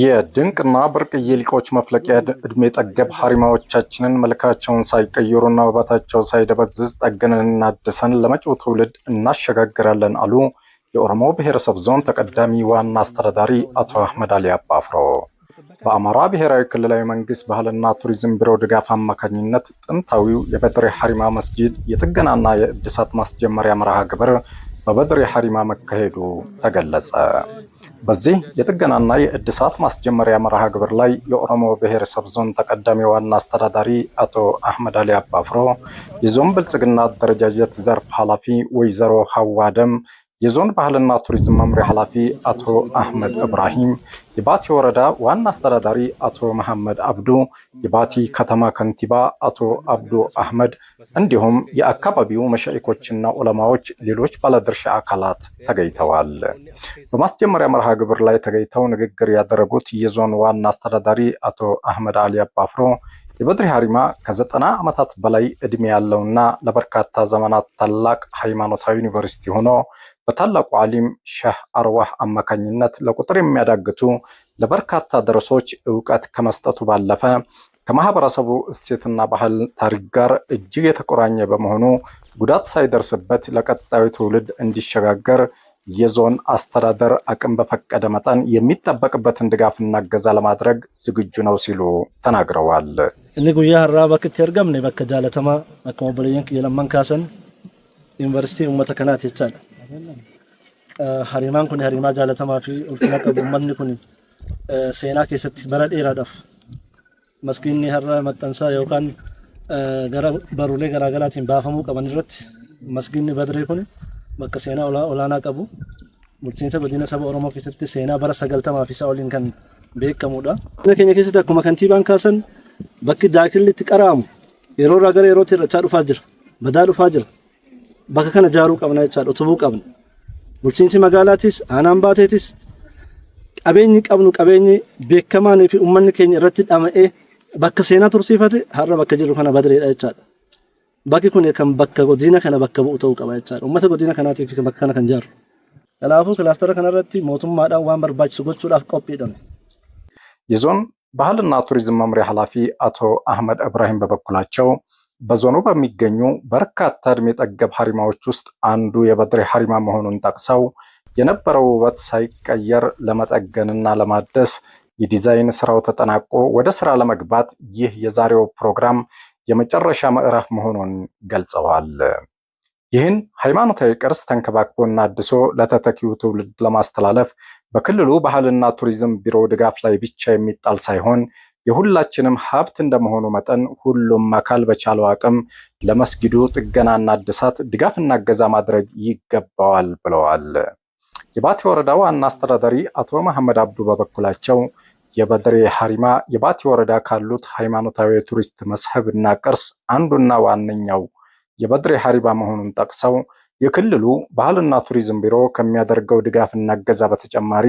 የድንቅና ብርቅዬ ሊቆች መፍለቂያ እድሜ ጠገብ ሀሪማዎቻችንን መልካቸውን ሳይቀይሩና መባታቸው ሳይደበዝዝ ጠግነን እናድሰን ለመጪው ትውልድ እናሸጋግራለን አሉ የኦሮሞ ብሔረሰብ ዞን ተቀዳሚ ዋና አስተዳዳሪ አቶ አህመድ አሊ አባፍሮ። በአማራ ብሔራዊ ክልላዊ መንግስት ባህልና ቱሪዝም ቢሮ ድጋፍ አማካኝነት ጥንታዊው የበድሬ ሀሪማ መስጂድ የጥገናና የእድሳት ማስጀመሪያ መርሃ ግብር በበድሪ ሀሪማ መካሄዱ ተገለጸ። በዚህ የጥገናና የእድሳት ማስጀመሪያ መርሃ ግብር ላይ የኦሮሞ ብሔረሰብ ዞን ተቀዳሚ ዋና አስተዳዳሪ አቶ አህመድ አሊ አባፍሮ፣ የዞን ብልጽግና አደረጃጀት ዘርፍ ኃላፊ ወይዘሮ ሀዋደም ደም፣ የዞን ባህልና ቱሪዝም መምሪያ ኃላፊ አቶ አህመድ እብራሂም፣ የባቲ ወረዳ ዋና አስተዳዳሪ አቶ መሐመድ አብዱ፣ የባቲ ከተማ ከንቲባ አቶ አብዱ አህመድ እንዲሁም የአካባቢው መሻኢኮችና ዑለማዎች፣ ሌሎች ባለድርሻ አካላት ተገኝተዋል። በማስጀመሪያ መርሃ ግብር ላይ ተገኝተው ንግግር ያደረጉት የዞን ዋና አስተዳዳሪ አቶ አህመድ አሊ አባፍሮ የበድሪ ሀሪማ ከዘጠና ዓመታት በላይ ዕድሜ ያለውና ለበርካታ ዘመናት ታላቅ ሃይማኖታዊ ዩኒቨርሲቲ ሆኖ በታላቁ ዓሊም ሸህ አርዋህ አማካኝነት ለቁጥር የሚያዳግቱ ለበርካታ ደረሶች እውቀት ከመስጠቱ ባለፈ ከማህበረሰቡ እሴትና ባህል ታሪክ ጋር እጅግ የተቆራኘ በመሆኑ ጉዳት ሳይደርስበት ለቀጣዩ ትውልድ እንዲሸጋገር የዞን አስተዳደር አቅም በፈቀደ መጠን የሚጠበቅበትን ድጋፍና እገዛ ለማድረግ ዝግጁ ነው ሲሉ ተናግረዋል። እኒ ጉያ ራ በክት የርገምኔ በከ ዩኒቨርሲቲ መተከናት ይቻላል harimaan kun harimaa jaalatamaa fi ulfina qabu uummanni kun seenaa keessatti bara dheeraadhaaf maskiinni har'a maxxansaa yookaan gara baruulee garaagaraatiin baafamuu qaban irratti maskiinni badree kun bakka seenaa olaanaa qabu bulchiinsa godina saba Oromoo keessatti seenaa bara sagaltamaa fi isaa oliin kan beekamudha. Biyya keenya keessatti akkuma kantiibaan kaasan bakki daakilli itti qara'amu yeroo irraa gara yerootti irra caa dhufaa jira. Badaa dhufaa jira. bakka kana ijaaruu qabna jechaadha utubuu qabna bulchiinsi magaalaatis aanaan baateetis qabeenyi qabnu qabeenyi beekamaanii fi uummanni keenya irratti dhama'ee bakka seenaa tursiifate har'a bakka jiru kana badreedha jechaadha. Bakki kun kan bakka godina kana bakka bu'u ta'uu qaba jechaadha. Uummata godina kanaatiif bakka kana kan ijaaru. Kanaafuu kilaastara kanarratti mootummaadhaan waan barbaachisu gochuudhaaf qophiidhame. የዞን ባህልና ቱሪዝም መምሪያ ኃላፊ አቶ አህመድ እብራሂም በበኩላቸው በዞኑ በሚገኙ በርካታ እድሜ ጠገብ ሀሪማዎች ውስጥ አንዱ የበድሬ ሀሪማ መሆኑን ጠቅሰው የነበረው ውበት ሳይቀየር ለመጠገንና ለማደስ የዲዛይን ስራው ተጠናቆ ወደ ስራ ለመግባት ይህ የዛሬው ፕሮግራም የመጨረሻ ምዕራፍ መሆኑን ገልጸዋል። ይህን ሃይማኖታዊ ቅርስ ተንከባክቦና አድሶ ለተተኪው ትውልድ ለማስተላለፍ በክልሉ ባህልና ቱሪዝም ቢሮ ድጋፍ ላይ ብቻ የሚጣል ሳይሆን የሁላችንም ሀብት እንደመሆኑ መጠን ሁሉም አካል በቻለው አቅም ለመስጊዱ ጥገናና እድሳት ድጋፍና እገዛ ማድረግ ይገባዋል ብለዋል። የባቲ ወረዳ ዋና አስተዳዳሪ አቶ መሐመድ አብዱ በበኩላቸው የበድሬ ሀሪማ የባቲ ወረዳ ካሉት ሃይማኖታዊ የቱሪስት መስህብና ቅርስ አንዱና ዋነኛው የበድሬ ሀሪማ መሆኑን ጠቅሰው የክልሉ ባህልና ቱሪዝም ቢሮ ከሚያደርገው ድጋፍና እገዛ በተጨማሪ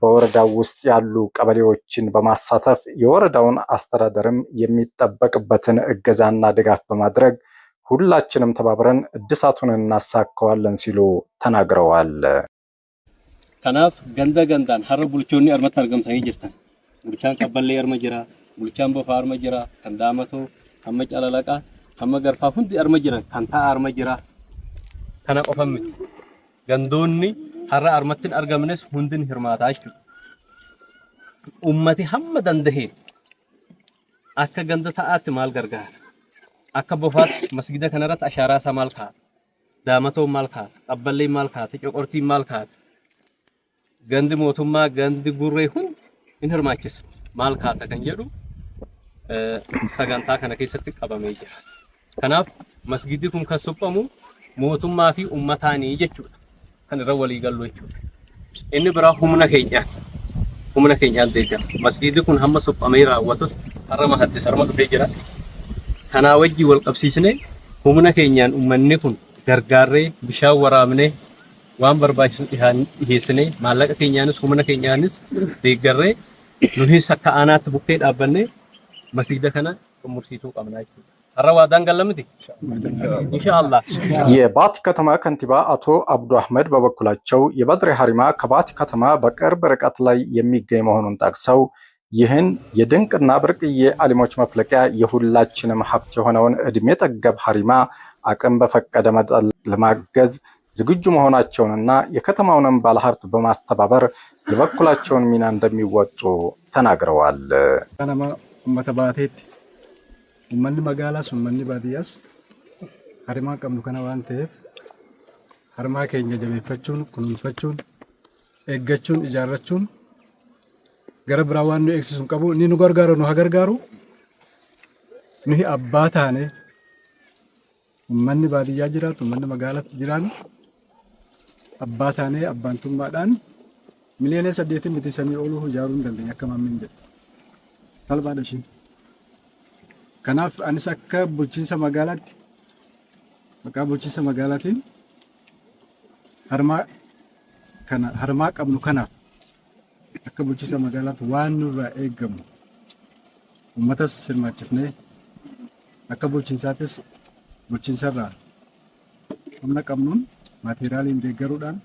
በወረዳው ውስጥ ያሉ ቀበሌዎችን በማሳተፍ የወረዳውን አስተዳደርም የሚጠበቅበትን እገዛና ድጋፍ በማድረግ ሁላችንም ተባብረን እድሳቱን እናሳካዋለን ሲሉ ተናግረዋል። ከናፍ ገንዘ ገንዳን ሀረ ቡልቾኒ እርመት አርገምሰኒ ጅርተን ቡልቻን ቀበሌ እርመ ጅራ ቡልቻን በፋ እርመ ጅራ ከንዳመቶ ከመጨለለቃ ከመገርፋ ሁንዲ እርመ ጅረን ከንታ እርመ ጅራ ከነቆፈምት ገንዶኒ har'a armattin argamnes hundin hirmaataa jechuudha. Ummati hamma dandaheen akka ganda ta'aatti maal gargaara? Akka bofaatti masgida kanarratti ashaaraasaa maal kaa'ata? Daamatoon maal kaa'ata? Qabballeen maal kaa'ata? Coqortiin maal kaa'ata? Gandi mootummaa gandi gurree hundi hin hirmaachisa. Maal kaa'ata kan jedhu sagantaa kana keessatti qabamee jira. Kanaaf masgiddi kun kan suphamu mootummaa fi ummataanii jechuudha. kan irra walii gallu jechuudha. Inni biraa humna keenyaan humna keenyaan deeggara. Masgiidi kun hamma suphamee raawwatutti har'a mahaddis harma dhufee jira. Kanaa wajjin wal qabsiisnee humna keenyaan uummanni kun gargaarree bishaan waraabnee waan barbaachisu dhiheessinee maallaqa keenyaanis humna keenyaanis deeggarree nutis akka aanaatti bukkee dhaabbannee masiida kana xumursiisuu qabnaa jechuudha. አረዋዳን ኢንሻአላህ። የባቲ ከተማ ከንቲባ አቶ አብዱ አህመድ በበኩላቸው የበድሬ ሀሪማ ከባቲ ከተማ በቅርብ ርቀት ላይ የሚገኝ መሆኑን ጠቅሰው ይህን የድንቅና ብርቅዬ አሊሞች መፍለቂያ የሁላችንም ሀብት የሆነውን እድሜ ጠገብ ሀሪማ አቅም በፈቀደ መጠን ለማገዝ ዝግጁ መሆናቸውንና የከተማውንም ባለሀብት በማስተባበር የበኩላቸውን ሚና እንደሚወጡ ተናግረዋል። Uummanni magaalaas uummanni baadiyyaas harmaa qabnu kana waan ta'eef harmaa keenya jabeeffachuun, kunuunfachuun, eeggachuun, ijaarrachuun gara biraa waan nu eegsisuun qabu ni nu gargaaru nu hagargaaru nuyi abbaa taane uummanni baadiyyaa jiraatu uummanni magaalaa jiraan abbaa taanee abbaantummaadhaan miliyoona saddeetiin miti samii ooluu ijaaruu hin dandeenye akka maammin jedhu Salphaadha ishiin. Kanaaf anis akka bulchiinsa magaalaatti maqaa bulchiinsa magaalaatiin harmaa kana harmaa qabnu kanaaf akka bulchiinsa magaalaatti waan nurraa eegamu uummatas hirmaachifnee akka bulchiinsaattis bulchiinsarraa humna qabnuun maateraaliin deeggaruudhaan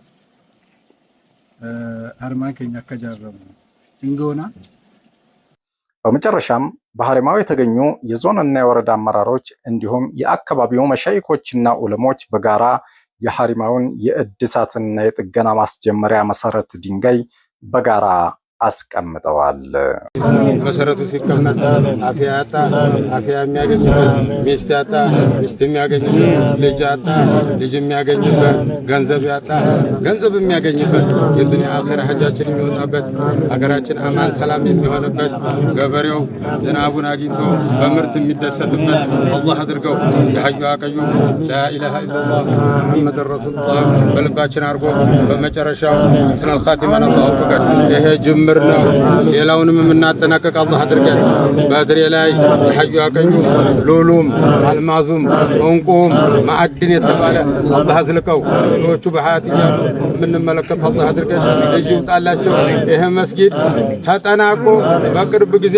harmaan keenya akka ijaaramu ni goona. በመጨረሻም በሀሪማው የተገኙ የዞንና የወረዳ አመራሮች እንዲሁም የአካባቢው መሻይኮችና ዑለሞች በጋራ የሀሪማውን የእድሳትና የጥገና ማስጀመሪያ መሰረት ድንጋይ በጋራ አስቀምጠዋል። መሰረቱ ሲቀመጥ አፍያ ያጣ አፍያ የሚያገኝበት፣ ሚስት ያጣ ሚስት የሚያገኝበት፣ ልጅ ያጣ ልጅ የሚያገኝበት፣ ገንዘብ ያጣ ገንዘብ የሚያገኝበት፣ የዱኒያ አኼራ ሀጃችን የሚወጣበት፣ ሀገራችን አማን ሰላም የሚሆንበት፣ ገበሬው ዝናቡን አግኝቶ በምርት የሚደሰትበት አላህ አድርገው። የሀዩ አቀዩ ላኢላሃ ኢለላህ ሙሐመድ ረሱሉላህ በልባችን አድርጎ በመጨረሻው ስነልካቲመን አላሁ ፍቀድ ይሄ ጅም ጭምር ነው። ሌላውንም የምናጠናቀቅ አላህ አድርገን በድሬ ላይ የሐዩ አቀኙ ሉሉም አልማዙም እንቁም ማዕድን የተባለ አላህ አዝልቀው ዎቹ በሀያት እያሉ የምንመለከት አላህ አድርገን ልጅ ይውጣላቸው። ይህ መስጊድ ተጠናቆ በቅርብ ጊዜ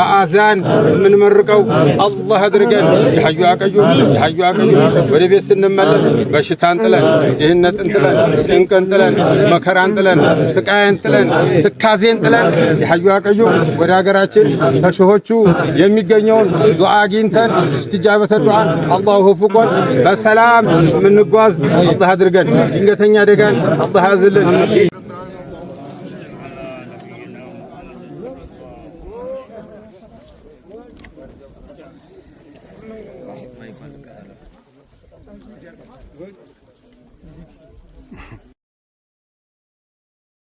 በአዛን የምንመርቀው አላህ አድርገን የሐዩ አቀኙ የሐዩ አቀኙ ወደ ቤት ስንመለስ በሽታን ጥለን ድህነትን ጥለን ጭንቅን ጥለን መከራን ጥለን ስቃይን ጥለን ትካዜ ጊዜን ጥለን የሐዩ ያቀዩ ወደ ሀገራችን ተሾሆቹ የሚገኘውን ዱዓ አግኝተን እስትጃበተ ዱዓን አላሁ ወፍቆን በሰላም የምንጓዝ አላህ አድርገን። ድንገተኛ አደጋን አላህ ያዝልን።